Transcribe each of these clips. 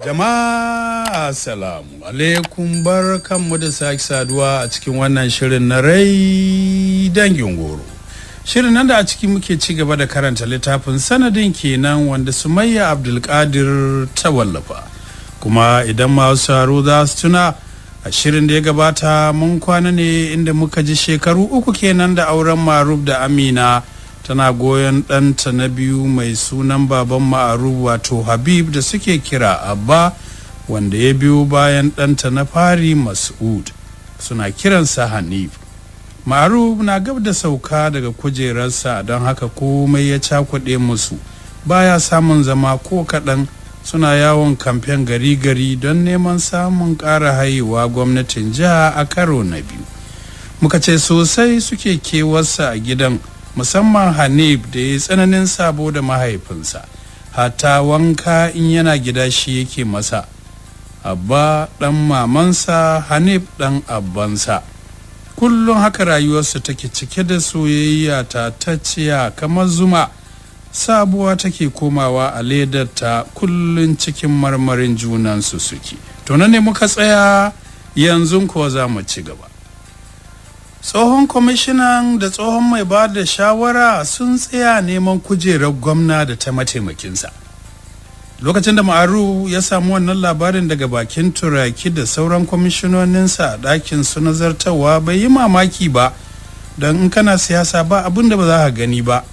Jama'a Assalamu alaikum bar kanmu da sake saduwa a cikin wannan shirin na rai dangin goro. Shirin nan da a ciki muke ci gaba da karanta littafin sanadin kenan wanda Sumayya Abdulkadir ta wallafa. Kuma idan masu saro za su tuna a shirin da ya gabata mun kwana ne inda muka ji shekaru uku kenan da auren Maruf da Amina. tana goyon ɗanta na biyu mai sunan baban ma'aru wato habib da suke kira abba wanda ya biyo bayan ɗanta na fari mas'ud suna kiransa hanif ma'aruf na gab da sauka daga kujerarsa don haka komai ya cakuɗe musu baya samun zama ko kaɗan suna yawon kamfen gari-gari don neman samun ƙara haihuwa gwamnatin jiha a karo na biyu muka ce sosai suke kewarsa a gidan musamman hanif da ya tsananin sabo da mahaifinsa hata wanka in yana gida shi yake masa abba ɗan mamansa hanif ɗan abbansa kullum haka rayuwarsu take cike da soyayya ta tacciya kamar zuma sabuwa take komawa a ledarta kullum cikin marmarin junansu suke to ne muka tsaya yanzu kuwa za mu ci gaba tsohon kwamishinan da tsohon mai ba da shawara sun tsaya neman kujerar gwamna da ta mataimakinsa lokacin da ma'aru ya samu wannan labarin daga bakin turaki da sauran kwamishinoninsa a ɗakin su nazartarwa bai yi mamaki ba don in kana siyasa ba abin da ba za ka gani ba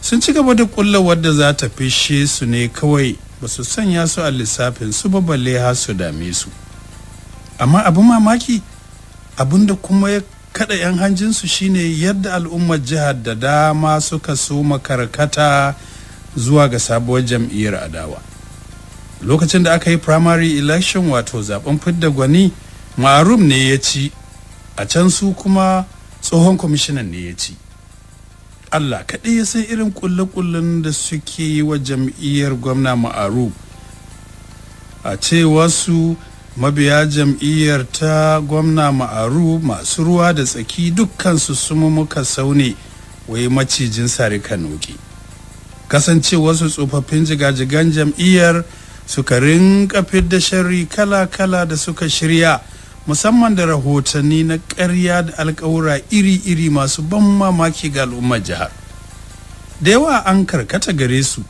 sun ci gaba da kulla wadda za ta fishe su ne kawai ba su sanya su a lissafin su ba balle har su dame su amma abin mamaki abin da kuma ya kada 'yan hanjinsu shine yadda al'ummar jihar da dama suka su makarkata zuwa ga sabuwar jam'iyyar adawa lokacin da aka yi primary election wato zaben fidda gwani marum ne ya ci a can su kuma tsohon kwamishinan ne ya ci allah kaɗai ya san irin kulle-kullen da suke yi wa jam'iyyar gwamna ma'aru a ce wasu mabiya jam'iyyar ta gwamna ma'aru masu ruwa da tsaki dukkansu sumu muka saune wai macijin sare kanoki kasance wasu tsofaffin jigajigan jam'iyyar suka rinka da sharri kala-kala da suka shirya musamman da rahotanni na ƙarya da alƙawura iri-iri masu ban mamaki ga al'ummar jihar da yawa an karkata gare su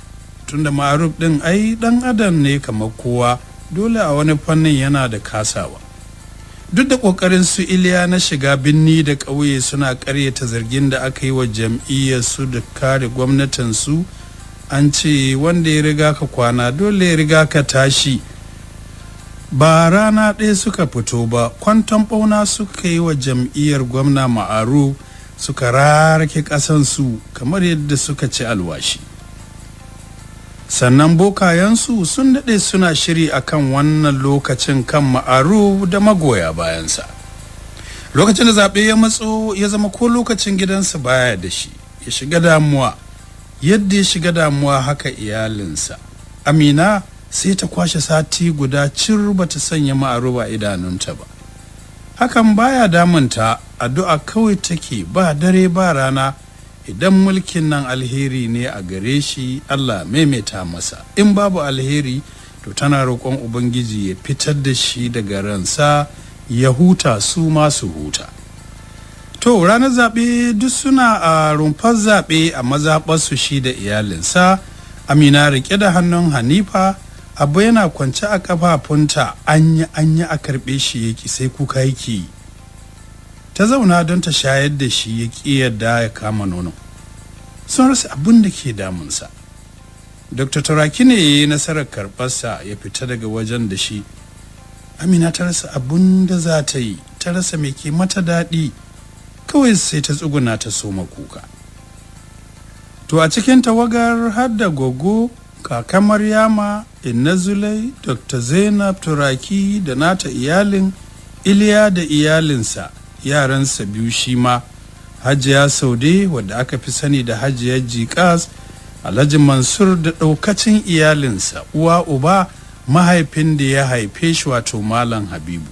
tunda ma'aruf din ai dan adam ne kamar kowa dole a wani fannin yana da kasawa duk da kokarin su iliya na shiga binni da ƙauye suna ƙaryata zargin da aka yi wa jam'iyyar su da kare gwamnatin su an ce wanda ya riga ka kwana dole ya riga ka tashi ba rana ɗaya suka fito ba kwanton ɓauna suka yi wa jam'iyyar gwamna ma'aru suka rarake su kamar yadda suka ci alwashi sannan bokayensu sun daɗe suna shiri akan wannan lokacin kan ma'aru da magoya bayansa lokacin da zaɓe ya matso ya zama ko lokacin gidansa baya da shi ya shiga damuwa yadda ya shiga damuwa haka iyalinsa amina sai ta kwashe sati guda cir bata sanya ma'aru ba idanunta ba hakan baya damunta addu'a kawai take ba dare ba rana idan mulkin nan alheri ne a gare shi Allah maimaita masa in babu alheri to tana roƙon ubangiji ya fitar da shi daga ransa ya huta su masu huta to ranar zaɓe duk suna a rumfar zaɓe a mazaɓarsu shi da iyalinsa amina rike da hannun hanifa abu yana kwance a ƙafafunta anya anya a karɓe shi yake sai kuka yake yi ta zauna don ta shayar da shi ya ƙi yadda ya kama nono sun rasa abin da ke damunsa dr turaki ne ya yi nasarar karɓarsa ya fita daga wajen da shi amina ta rasa abin da za ta yi ta rasa mai ke mata daɗi kawai sai ta tsuguna ta soma kuka to a cikin tawagar har da gogo kaka maryama inna zulai dr zainab turaki da nata iyalin iliya da iyalinsa yaransa biyu shi ma hajiya saude wadda aka fi sani da Hajiya jikas alhaji mansur da ɗaukacin iyalinsa uwa uba mahaifin da ya haife shi wato malam habibu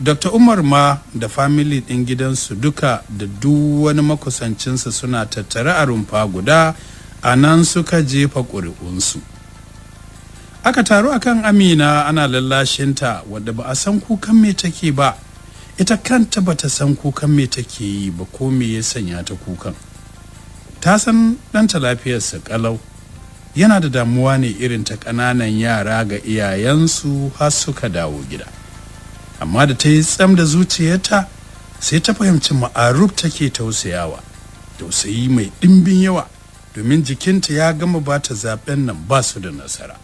dr umar ma da famili ɗin gidansu duka da duk wani makusancinsa suna tattare a rumfa guda a nan suka jefa ƙuri'unsu aka taru akan amina ana lallashinta wadda ba a san kukan me take ba ita kanta bata san kukan me take yi ba ko me ya sanya ta kukan ta san ɗanta lafiyarsa ƙalau yana da damuwa ne irin ta ƙananan yara ga iyayensu har suka dawo gida amma da ta yi tsam da zuciyarta sai ta fahimci ma'aruf take tausayawa tausayi mai ɗimbin yawa domin jikinta ya gama ba ta zaben nan ba su da nasara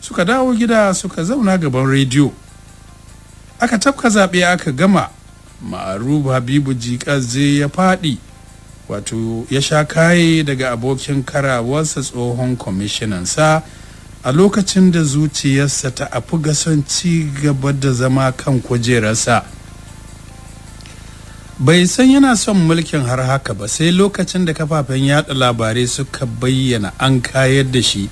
suka dawo gida suka zauna gaban rediyo aka tafka zaɓe aka gama ma'aruf habibu jikaze ya faɗi wato ya sha kaye daga abokin karawarsa tsohon kwamishinansa a lokacin da zuciyarsa ta afi gason ci gaba da zama kan kujerarsa bai san yana son mulkin har haka ba sai lokacin da kafafen yada labarai suka bayyana an kayar da shi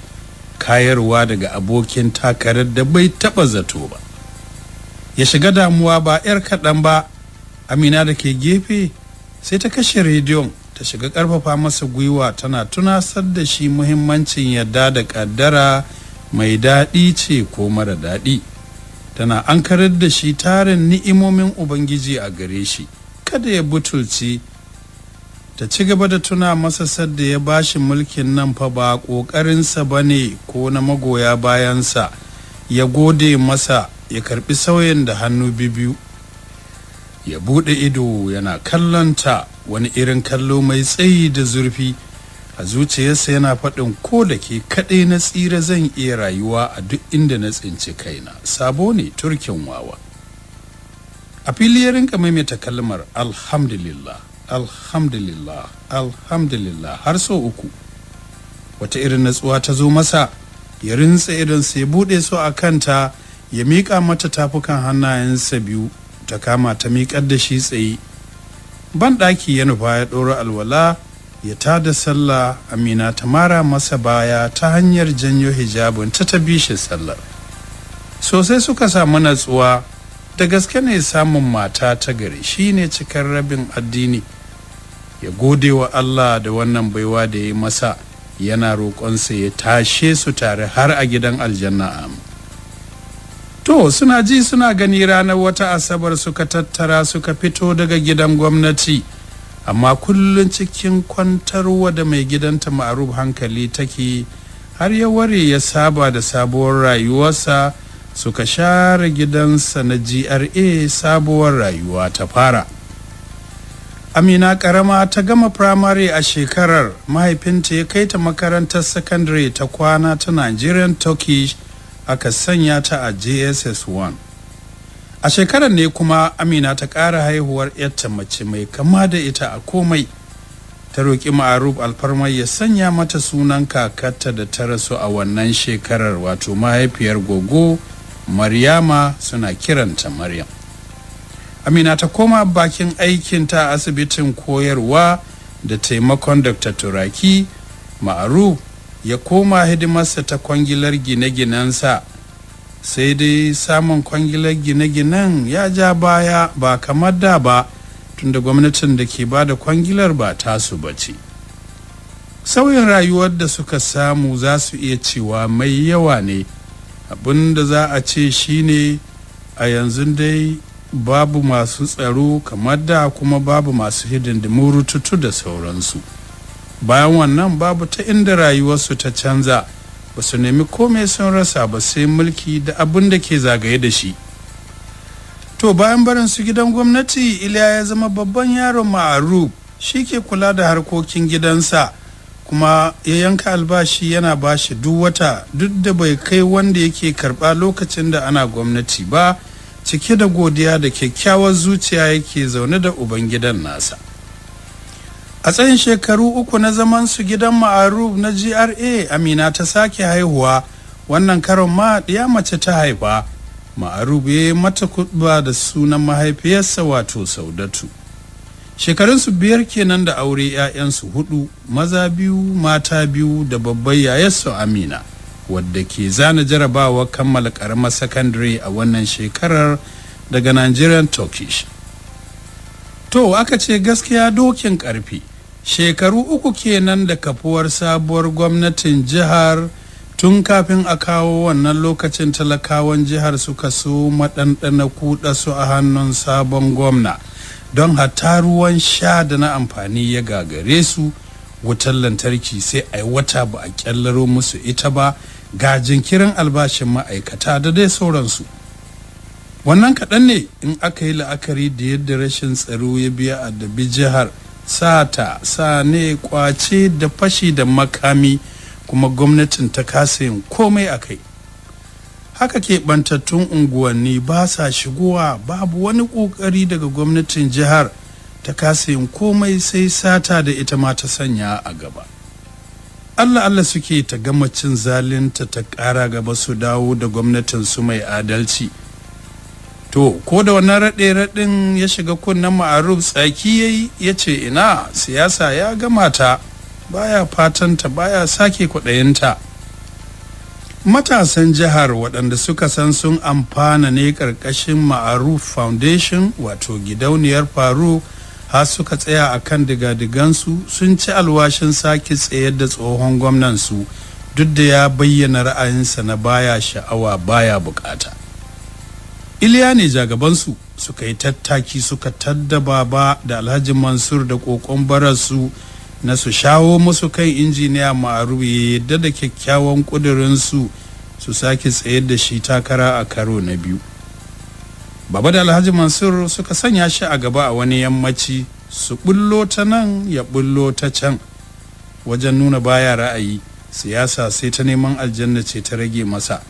kayarwa daga abokin takarar da bai taba zato ba ya shiga damuwa ba 'yar kaɗan ba amina da ke gefe sai ta kashe rediyon ta shiga ƙarfafa masa gwiwa tana tunasar da shi muhimmancin yadda da ƙaddara mai daɗi ce ko mara daɗi tana ankarar da shi tarin ni'imomin ubangiji a gare shi kada ya butulci ta ci gaba da tuna masa sadda ya ba shi mulkin nan fa ba ƙoƙarinsa ba ne ko na magoya bayansa ya gode masa ya karbi sauyin da hannu biyu ya bude ido yana kallonta wani irin kallo mai tsayi da zurfi a zuciyarsa yana faɗin ko da ke kaɗai na tsira zan iya rayuwa a duk inda na tsinci kaina sabo ne turkin wawa a fili ya rinka maimaita kalmar alhamdulillah alhamdulillah alhamdulillah har so uku wata irin natsuwa ta zo masa ya rintsa idan sai bude su a kanta ya miƙa mata tafukan hannayensa biyu ta kama ta miƙar da shi tsaye Banɗaki ya nufa ya ɗora alwala ya ta da sallah amina ta mara masa baya ta hanyar janyo hijabin ta ta shi sallar sosai suka samu natsuwa da gaske ne samun mata ta gari shi ne cikar rabin addini ya gode wa allah da wannan baiwa da ya yi masa yana roƙonsa ya tashe su tare har a gidan aljanna amin to suna ji suna gani ranar wata asabar suka tattara suka fito daga gidan gwamnati amma kullum cikin kwantarwa da mai gidanta ma'aruf hankali take har ya ware ya saba da sabuwar rayuwarsa suka share gidansa na gra sabuwar rayuwa ta fara amina karama ta gama firamare a shekarar mahaifinta ya kai ta makarantar sakandare ta kwana ta nigerian turkish aka sanya ta a jss 1 a shekarar ne kuma amina ta ƙara haihuwar yadda mace mai kama da ita a komai ta roƙi ma'aruf alfarmar ya sanya mata sunan kakarta da ta rasu a wannan shekarar wato mahaifiyar gogo maryama suna kiranta maryam amina ta koma bakin aikinta a asibitin koyarwa da taimakon dr turaki ma'aruf ya koma hidimarsa ta kwangilar gine-ginensa sai dai samun kwangilar gine-ginen ya ja baya ba kamar da ba tunda gwamnatin da ke bada kwangilar ba tasu ba ce sauyin rayuwar da suka samu za su iya cewa mai yawa ne abin da za a ce shine a yanzu dai babu masu tsaro kamar da kuma babu masu hidin da da sauransu. bayan wannan babu ta inda rayuwarsu ta canza ba su nemi komai sun rasa ba sai mulki da abin da ke zagaye da shi to bayan barin su gidan gwamnati iliya ya zama babban yaron ma'aru shi ke kula da harkokin gidansa kuma ya yanka albashi yana bashi duk wata duk da bai kai wanda yake karba lokacin da ana gwamnati ba cike da godiya da kyakkyawar zuciya yake zaune da ubangidan nasa a tsayin shekaru uku na zaman su gidan ma'aruf na gra amina ta sake haihuwa wannan karon ma ya mace ta haifa ma'aruf ya yi mata kuɗuwa da sunan mahaifiyarsa wato saudatu shekarunsu biyar kenan da aure 'ya'yansu hudu maza biyu mata biyu da babbar yayarsu amina wadda ke zana jarabawa kammala karamar Secondary a wannan shekarar daga nigerian turkish to aka ce gaskiya dokin karfi shekaru uku kenan da kafuwar sabuwar gwamnatin jihar tun kafin a kawo wannan lokacin talakawan jihar suka so maɗanɗana kuɗa su a hannun sabon gwamna don hatta ruwan sha da na amfani ya gagare su wutar lantarki sai a wata ba a kyallaro musu ita ba ga jinkirin albashin ma'aikata da dai sauransu wannan kaɗan ne in aka yi la'akari da yadda rashin tsaro ya biya a dabi jihar sata sane kwace da fashi da makami kuma gwamnatin ta kasa yin komai a kai haka keɓantattun unguwanni ba sa shigowa babu wani ƙoƙari daga gwamnatin jihar ta kasa yin komai sai sata da ita ma ta sanya a gaba allah allah suke ta gama cin zalinta ta ƙara gaba su dawo da gwamnatin su mai adalci to ko da wannan raɗe raɗin ya shiga kunnen ma'aruf tsaki ya yace ce ina siyasa ya gama ta baya fatanta baya sake kwaɗayinta matasan jihar waɗanda suka san sun amfana ne ƙarƙashin ma'aruf foundation wato gidauniyar faru har suka tsaya a kan digadigansu sun ci alwashin sake tsayar da tsohon gwamnansu duk da ya bayyana ra'ayinsa na baya sha'awa baya bukata iliya ne jagabansu suka yi tattaki suka tadda baba da alhaji mansur da kokon bararsu na su shawo musu kan injiniya ma'aru ya yadda da kyakkyawan ƙudurinsu su sake tsayar da shi takara a karo na biyu baba da alhaji mansur suka sanya shi a gaba a wani yammaci su bullo ta nan ya bullo ta can wajen nuna baya ra'ayi siyasa sai ta neman aljanna ce ta rage masa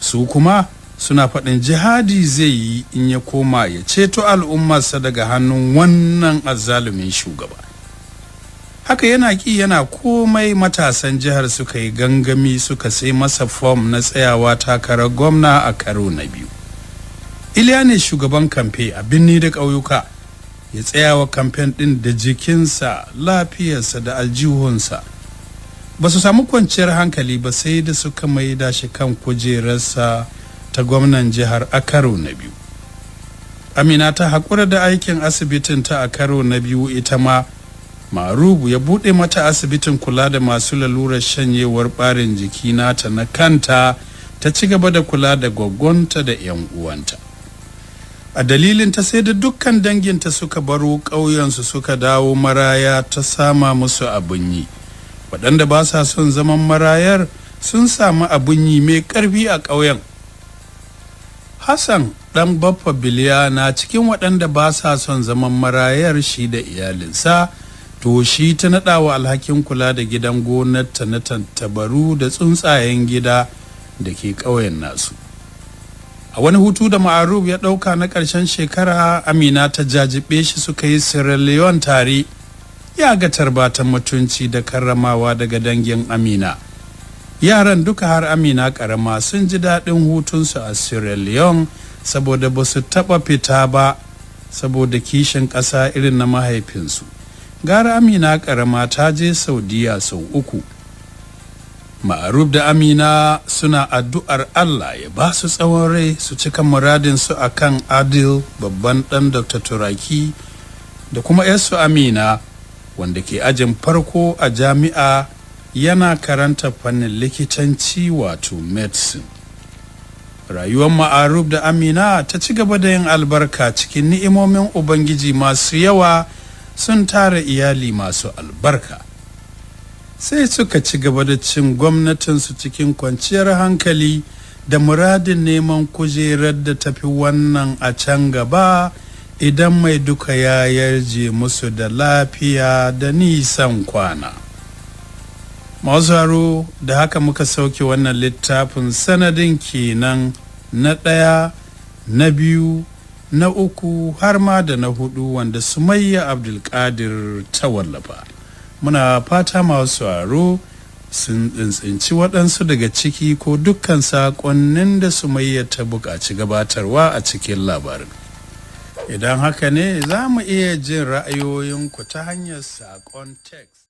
su kuma suna faɗin jihadi zai yi in ya koma ya ceto al'ummarsa daga hannun wannan azzalumin shugaba haka yana ƙi yana komai matasan jihar suka yi gangami suka sai masa fom na tsayawa takarar gwamna a karo na biyu iliya ne shugaban kamfe a birni da ƙauyuka ya tsayawa kamfen ɗin da jikinsa lafiyarsa da aljihunsa ba su samu kwanciyar hankali ba sai da suka maida shi kan kujerarsa ta gwamnan jihar a karo na biyu amina ta haƙura da aikin asibitin ta a karo na biyu ita ma marubu ya buɗe mata asibitin kula da masu lalurar shanyewar ɓarin jiki nata na kanta ta ci gaba da kula da gwaggonta da 'yan uwanta a dalilin ta sai da dukkan danginta suka baro ƙauyensu suka dawo maraya ta sama musu abin yi waɗanda ba sa son zaman marayar sun samu abin yi mai ƙarfi a ƙauyen hassan dan baffa biliya na cikin waɗanda ba sa son zaman marayar shi da iyalinsa to shi ta naɗa wa alhakin kula da gidan gonar ta na tantabaru da tsuntsayen gida da ke ƙauyen nasu a wani hutu da ma'aruf ya ɗauka na ƙarshen shekara amina ta jajibe shi suka yi sierra leone tare ya ga tarbatan mutunci da karramawa daga dangin amina yaran duka har amina karama sun ji daɗin hutunsu a sierra leone saboda ba su taɓa fita ba saboda kishin ƙasa irin na mahaifinsu gara amina karama ta je saudiya sau uku ma'aruf da amina suna addu'ar allah ya ba su tsawon rai su cika muradinsu a kan adil babban ɗan dr turaki da kuma yarsu amina wanda ke ajin farko a jami'a yana karanta fannin likitanci wato medicine rayuwar ma'arub da amina ta ci gaba da yin albarka cikin ni'imomin ubangiji masu yawa sun tara iyali masu albarka sai suka ci gaba da cin gwamnatinsu cikin kwanciyar hankali da muradin neman kujerar da tafi wannan a can gaba idan mai duka ya yarje musu da lafiya da nisan kwana mazaro da haka muka sauke wannan littafin sanadin kenan na ɗaya na biyu na uku har ma da na hudu wanda sumayya abdulkadir ta wallafa muna fata masu aro sun tsintsinci waɗansu daga ciki ko dukkan saƙonnin da sumayya ta buƙaci gabatarwa a cikin labarin idan haka ne za mu iya jin ra'ayoyinku ta hanyar saƙon text